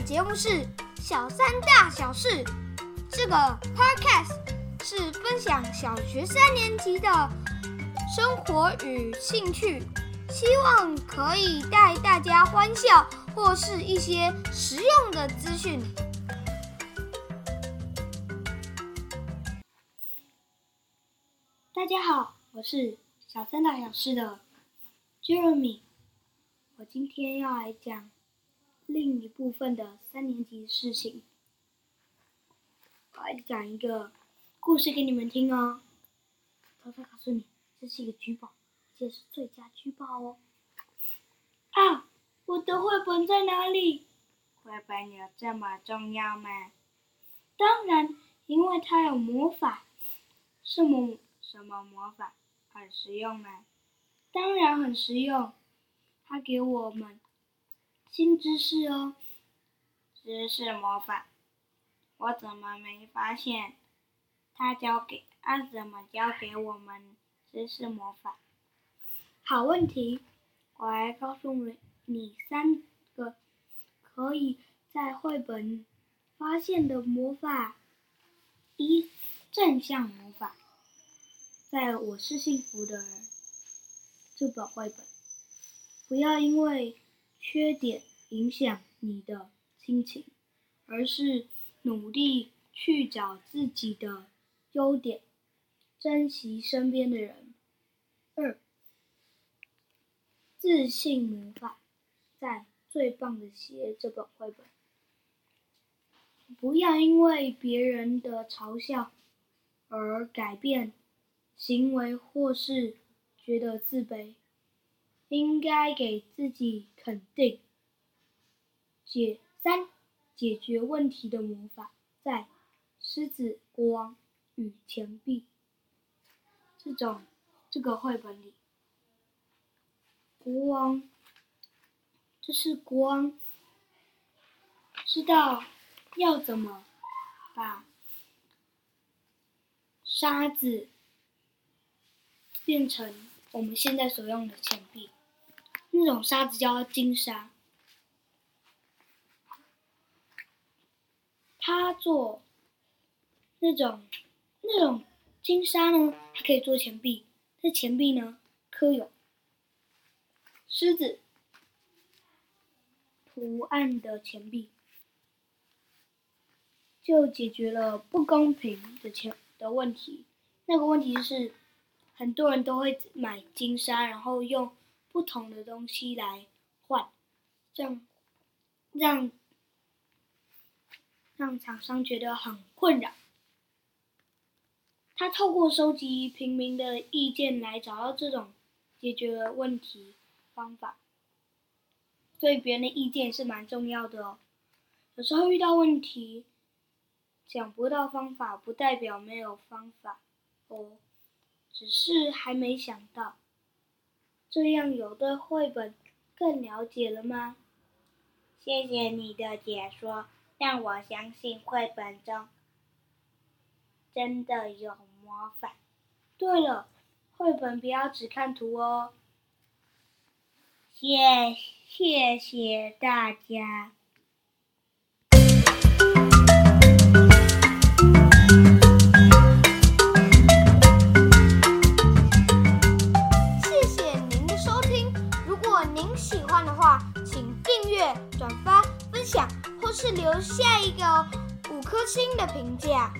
節目是小三大小事，這個 podcast 是分享小學三年級的生活與興趣，希望可以帶大家歡笑或是一些實用的資訊。大家好，我是小三大小事的 Jeremy，我今天要來講。另一部分的三年級事情，我來講一個故事給你們聽哦。偷偷告訴你，這是一個週報，這是最佳週報哦。啊，我的繪本在哪裡？繪本有這麼重要嗎？當然，因為它有魔法。什麼，什麼魔法？很實用嗎？當然很實用。它給我們。新知識哦，知識魔法，我怎麼沒發現他教給，他怎麼教給我們知識魔法？好問題，我來告訴你三個可以在繪本發現的魔法：一，正向魔法，在《我是幸福的人》這本繪本，不要因為。缺點影響你的心情，而是努力去找自己的優點，珍惜身邊的人。二，自信魔法，在《最棒的鞋》這本繪本，不要因為別人的嘲笑而改變行為，或是覺得自卑。應該給自己肯定。解，三，解決問題的魔法，在獅子國王與錢幣這種這個繪本裡，國王這、就是國王知道要怎麼把沙子變成我們現在所用的錢幣。那種沙子叫金沙，他做那種那種金沙呢，還可以做錢幣。這錢幣呢，刻有獅子圖案的錢幣，就解決了不公平的錢的問題。那個問題就是，很多人都會買金沙，然後用。不同的東西來換，這樣讓讓廠商覺得很困擾。他透過收集平民的意見來找到這種解決問題方法。對別人的意見也是蠻重要的哦。有時候遇到問題想不到方法，不代表沒有方法哦，只是還沒想到。這樣有對繪本更了解了嗎？謝謝你的解說，讓我相信繪本中真的有魔法。對了，繪本不要只看圖哦。Yeah, 謝謝謝大家。想或是留下一個五顆星的評價。